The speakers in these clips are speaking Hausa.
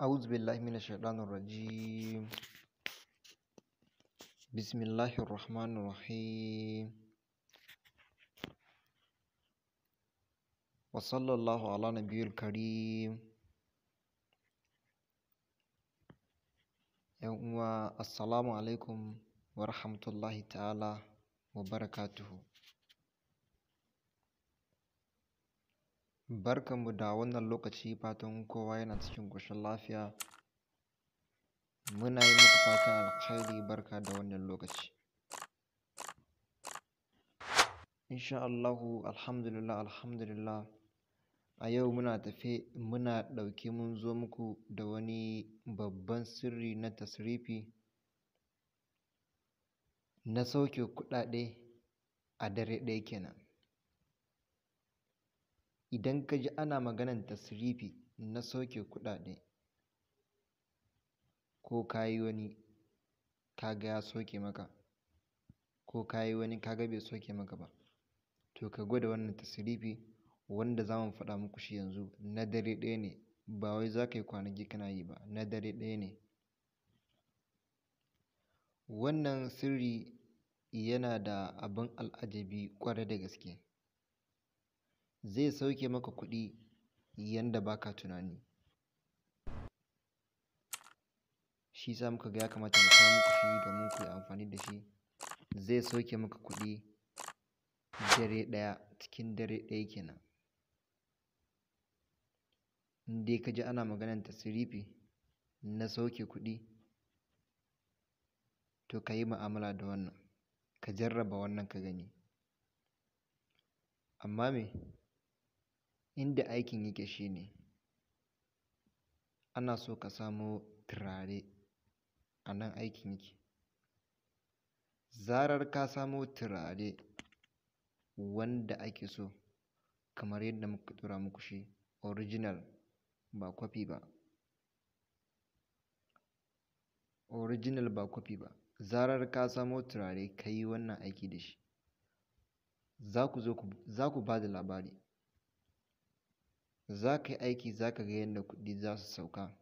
أعوذ بالله من الشيطان الرجيم بسم الله الرحمن الرحيم وصلى الله على نبي الكريم يوم السلام عليكم ورحمة الله تعالى وبركاته Barkanmu da wannan lokaci fatan kowa yana cikin ƙoshin lafiya. Muna yi muku fatan alkhairi barka da wannan lokaci. Insha Allahu alhamdulillah alhamdulillah a yau muna tafe muna ɗauke mun zo muku da wani babban sirri na tasrifi na sauke kuɗaɗe a dare ɗaya kenan. idan ka ji ana maganan tasrifi na sauke kuɗaɗe ko ka yi wani ka ga ya soke maka ko ka yi wani ka ga bai sauke maka ba to ka gwada wannan tasrifi wanda za mu faɗa muku shi yanzu na dare ɗaya ne ba wai za ka yi kwanaki kana yi ba na dare ɗaya ne wannan sirri yana da abin al'ajabi ƙwarai da gaske zai sauke maka kuɗi yanda ba ka tunani shi sa muka ga ya kamata mu kawo muku domin ku yi amfani da shi zai sauke maka kuɗi dare ɗaya cikin dare ɗaya kenan in dai ka ji ana maganar sirifi na sauke kuɗi to ka yi ma'amala da wannan ka jarraba wannan ka gani amma me Inda aikin yake shi ne, ana so ka samo turare a nan aikin yake. Zarar ka samo turare wanda ake so kamar yadda muka tura muku shi original ba kwafi ba. Original ba kwafi ba. Zarar ka samo turare ka yi wannan aiki da shi, za ku zo za ku ba da labari. za ka yi aiki za ka ga yadda kuɗi za su sauka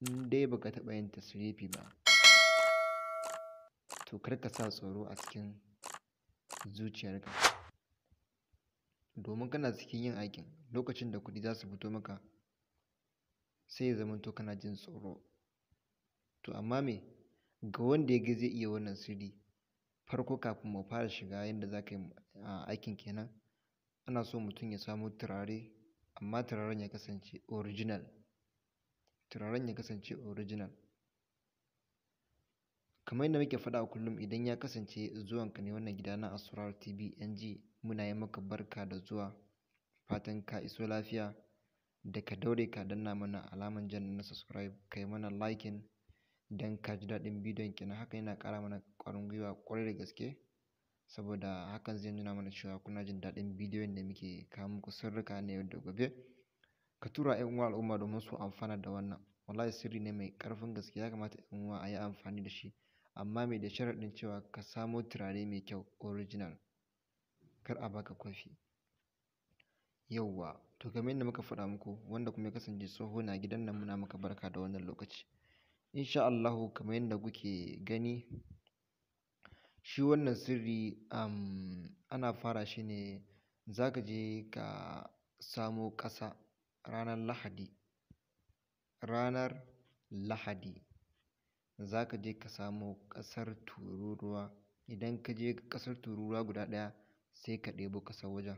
in dai baka taɓa yin tasrifi ba to kar ka sa tsoro a cikin zuciyarka domin kana cikin yin aikin lokacin da kuɗi za su fito maka sai ya zama zamanto kana jin tsoro to amma me ga wanda ya ga zai iya wannan sirri farko kafin mu fara shiga yadda za ka yi aikin kenan ana so mutum ya samo turare amma turaren ya kasance original turaren ya kasance original kamar yadda muke faɗa kullum idan ya kasance zuwan ka ne wannan gida na Asrar TV NG muna yi maka barka da zuwa fatan ka iso lafiya da ka daure ka danna mana alaman jan na subscribe yi mana liking don ka ji daɗin bidiyon kenan haka yana ƙara mana ƙwarin gwiwa ƙwarai da gaske saboda hakan zai nuna mana cewa kuna jin daɗin bidiyon da muke kawo muku sirrika na yau da gobe ka tura ƴan uwa al'umma domin su amfana da wannan wallahi sirri ne mai ƙarfin gaske ya kamata ƴan uwa a yi amfani da shi amma mai da sharaɗin cewa ka samo turare mai kyau original kar a baka kwafi yauwa to kamar yadda muka faɗa muku wanda kuma ya kasance tsoho na gidan nan muna maka barka da wannan lokaci insha Allahu kamar yadda kuke gani Shi wannan sirri, ana fara shi ne za ka je ka samo ƙasa ranar Lahadi. Ranar Lahadi za ka je ka samo ƙasar tururuwa. Idan ka je ƙasar tururuwa guda ɗaya sai ka ɗebo ƙasar wajen.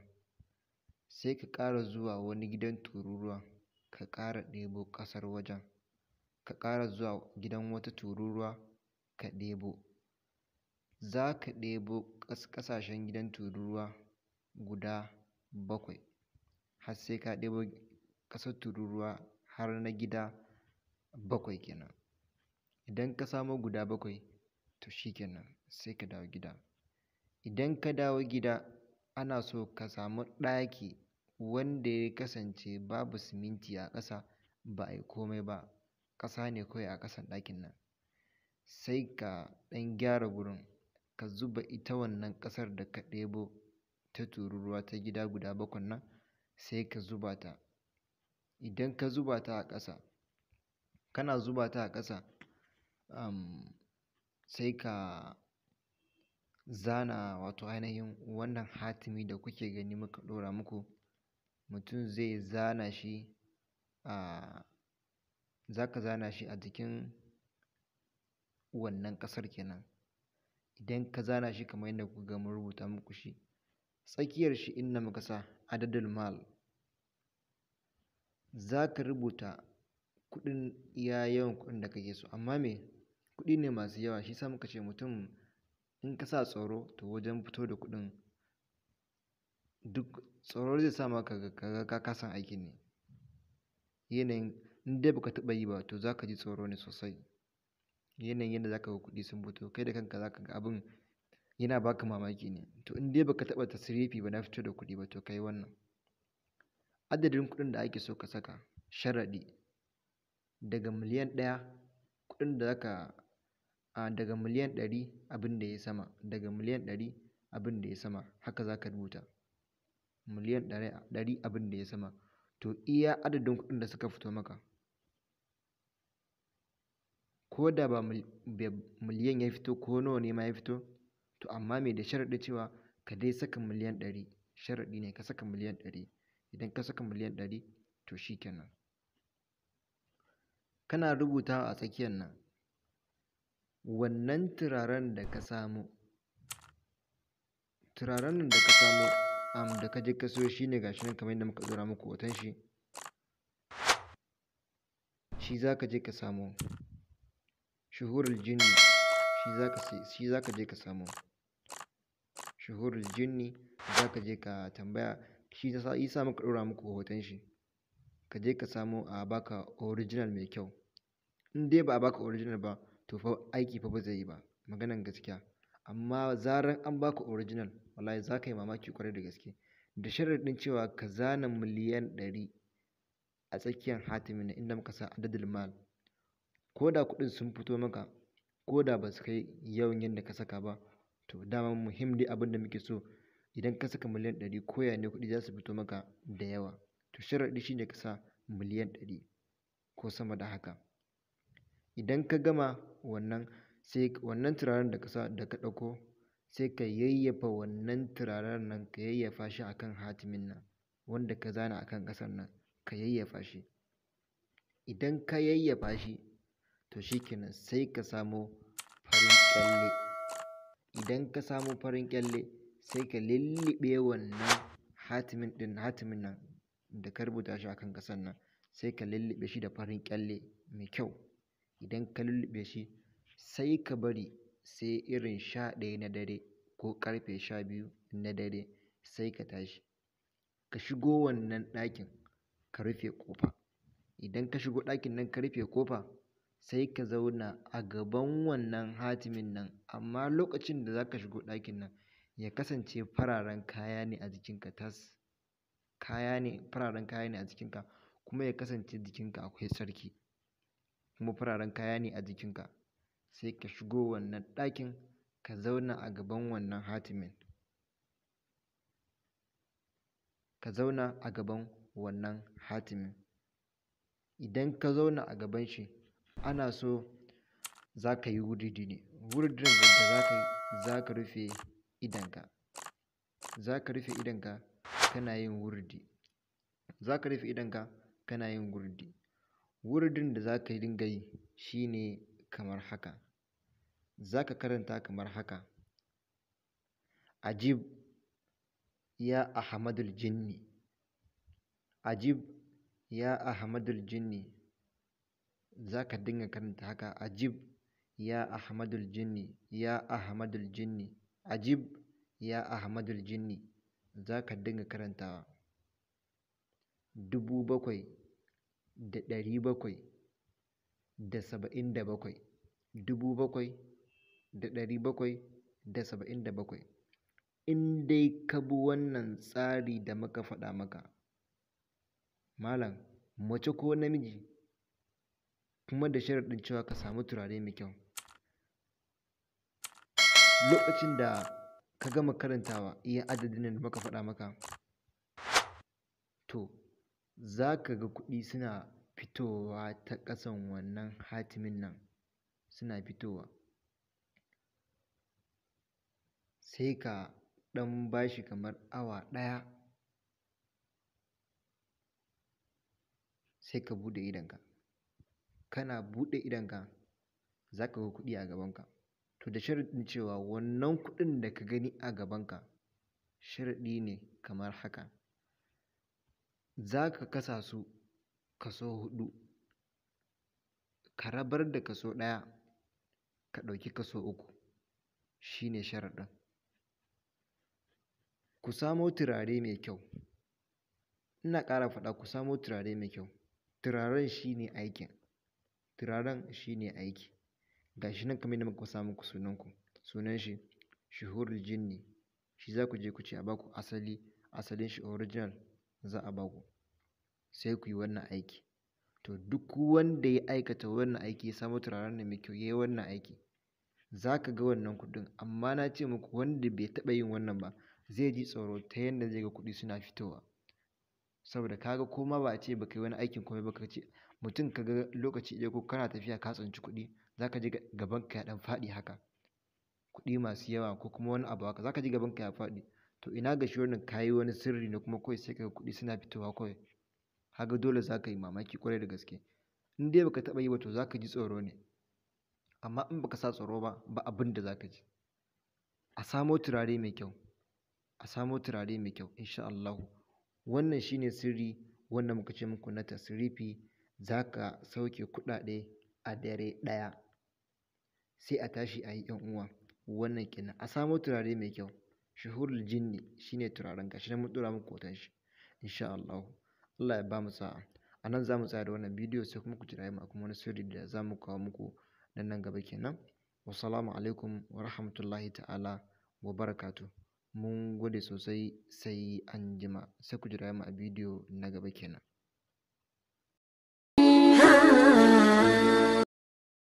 Sai ka ƙara zuwa wani gidan tururuwa ka ƙara ɗebo ƙasar wajen. Ka ƙara zuwa gidan wata tururuwa ka ɗebo. za ka ɗebo ƙasashen gidan tururuwa guda bakwai har sai ka ɗebo ƙasar tururuwa har na gida bakwai kenan idan ka samo guda bakwai to shi kenan sai ka dawo gida idan ka dawo gida ana so ka samu ɗaki wanda ya kasance babu siminti a ƙasa ba a yi komai ba ƙasa ne kawai a ƙasan ɗakin nan sai ka ɗan gyara gurin ka zuba ita wannan ƙasar da ka ɗebo ta tururuwa ta gida guda bakwai nan sai ka zuba ta. Idan ka zuba ta a ƙasa, kana zuba ta a ƙasa, sai ka zana wato ainihin wannan hatimi da kuke gani muka ɗora muku. Mutum zai zana shi a, za ka zana shi a jikin wannan ƙasar kenan. idan ka zana shi kamar yadda kuka ga mun rubuta muku shi tsakiyar shi inda muka sa adadul mal za ka rubuta kuɗin iya yawan kuɗin da kake so amma me kuɗi ne masu yawa shi sa muka ce mutum in ka sa tsoro to wajen fito da kuɗin duk tsoro zai sa maka ka ka kasan aikin ne yanayin in dai baka taɓa yi ba to za ka ji tsoro ne sosai yanayin yadda za ka ga kuɗi sun fito kai da kanka za ka ga abin yana baka mamaki ne to in dai baka taɓa tasrifi ba na fito da kuɗi ba to kai wannan adadin kuɗin da ake so ka saka sharaɗi daga miliyan ɗaya kuɗin da zaka a daga miliyan ɗari abin da ya sama daga miliyan ɗari abin da ya sama haka za ka rubuta miliyan ɗari abin da ya sama to iya adadin kuɗin da suka fito maka ko da ba miliyan ya fito ko nawa ne ma ya fito to amma mai da sharaɗi cewa ka dai saka miliyan ɗari sharaɗi ne ka saka miliyan ɗari idan ka saka miliyan ɗari to shi kenan kana rubuta a tsakiyar nan wannan turaren da ka samo turaren da ka samo am da ka je kaso shi ne gashi nan kamar yadda muka ɗora muku hoton shi shi za ka je ka samo shuhurul jinni shi za ka je ka samu shuhurul jinni ka je ka tambaya shi ta sa maka ɗora muku hoton shi ka je ka samu a baka original mai kyau in dai ba a baka original ba to fa aiki fa ba zai yi ba maganan gaskiya amma zaran an baka original wallahi za ka yi mamaki kwarai da gaske da sharaɗin cewa ka zana miliyan ɗari a tsakiyar hatimin inda muka sa adadul mal ko da kuɗin sun fito maka ko da ba su kai yawan yadda ka saka ba to dama muhim dai abin da muke so idan ka saka miliyan ɗari ko ya ne kuɗi za su fito maka da yawa to sharaɗi shine ka sa miliyan ɗari ko sama da haka idan ka gama wannan sai wannan turaren da ka sa da ka ɗauko sai ka yayyafa wannan turaren nan ka yayyafa shi akan hatimin nan wanda ka zana akan ƙasar nan ka yayyafa shi idan ka yayyafa shi to shikenan sai ka samo farin kyalle idan ka samo farin kyalle sai ka lulluɓe wannan hatimin ɗin hatimin nan da ka rubuta shi akan ƙasan nan sai ka lulluɓe shi da farin kyalle mai kyau idan ka lullube shi sai ka bari sai irin sha ɗaya na dare ko ƙarfe sha biyu na dare sai ka tashi ka shigo wannan ɗakin ka rufe ƙofa idan ka shigo ɗakin nan ka rufe ƙofa sai ka zauna a gaban wannan hatimin nan amma lokacin da za ka shigo ɗakin nan ya kasance fararen kaya ne a jikinka tas kaya ne fararen kaya ne a jikinka kuma ya kasance jikinka akwai sarki kuma fararen kaya ne a jikinka sai ka shigo wannan ɗakin ka zauna a gaban wannan hatimin ka zauna a gaban wannan hatimin idan ka zauna a gaban shi ana so za ka yi wuridi ne wuridin da za ka yi za ka rufe idanka, za ka rufe kana yin wuridi za ka rufe idonka kana yin wuridi wuridin da za ka dinga yi shi ne kamar haka za ka karanta kamar haka ajib ya ahamadul jinni ajib ya ahamadul jinni za ka dinga karanta haka ajib ya ahmadul jinni ya ahmadul jinni ajib ya ahmadul jinni za ka dinga karantawa dubu bakwai da ɗari bakwai da saba'in da bakwai dubu bakwai da ɗari bakwai da saba'in da bakwai in dai ka bi wannan tsari da muka faɗa maka malam mace ko namiji kuma da sharaɗin cewa ka samu turare mai kyau lokacin da ka gama karantawa iya adadin da muka faɗa maka to za ka ga kuɗi suna fitowa ta ƙasan wannan hatimin nan suna fitowa sai ka ɗan bashi kamar awa ɗaya sai ka buɗe idonka kana buɗe idonka za ka ga kuɗi a gabanka. To da sharaɗin cewa wannan kuɗin da ka gani a gabanka sharaɗi ne kamar haka. Za ka kasa su kaso hudu, ka rabar da kaso ɗaya ka ɗauki kaso uku. Shi ne sharaɗin. Ku samo turare mai kyau. Ina ƙara faɗa ku samo turare mai kyau. Turaren shi ne aikin. turaren ne aiki ga shi nan kamar yadda muka sa muku sunan sunan shi shuhurul jinni shi za ku je ku ce a baku asali asalin shi original za a baku sai ku yi wannan aiki to duk wanda ya aikata wannan aiki ya samu turaren da mai kyau ya yi wannan aiki za ka ga wannan kuɗin amma na ce muku wanda bai taɓa yin wannan ba zai ji tsoro ta yadda zai ga kuɗi suna fitowa saboda kaga koma ba a ce baka yi wani aikin komai ba ka ce mutum ka ga lokaci ɗaya ko kana tafiya ka tsanci kuɗi za ka ji gabanka ya ɗan faɗi haka kuɗi masu yawa ko kuma wani abu haka za ka ji gabanka ya faɗi to ina ga shi wannan ka wani sirri ne kuma kawai sai ka ga kuɗi suna fitowa kawai kaga dole za ka yi mamaki kwarai da gaske in dai baka taɓa yi ba to za ka ji tsoro ne amma in baka sa tsoro ba ba abin da za ka ji a samo turare mai kyau a samo turare mai kyau insha Allah wannan shine sirri wanda muka ce muku na tasrifi za ka sauke kuɗaɗe a dare ɗaya sai a tashi a yi ‘yan uwa wannan kenan a samo turare mai kyau shuhurul jinni shine turaren gashi shi mun muku hoton shi insha Allah Allah ya bamu sa'a a nan za mu tsaya da wannan bidiyo sai kuma ku jira yi kuma wani sirri da za mu kawo muku nan nan gaba kenan wasalamu alaikum wa rahmatullahi ta'ala wa barakatu mun gode sosai sai anjima. jima sai ku jira yi a bidiyo na gaba kenan time.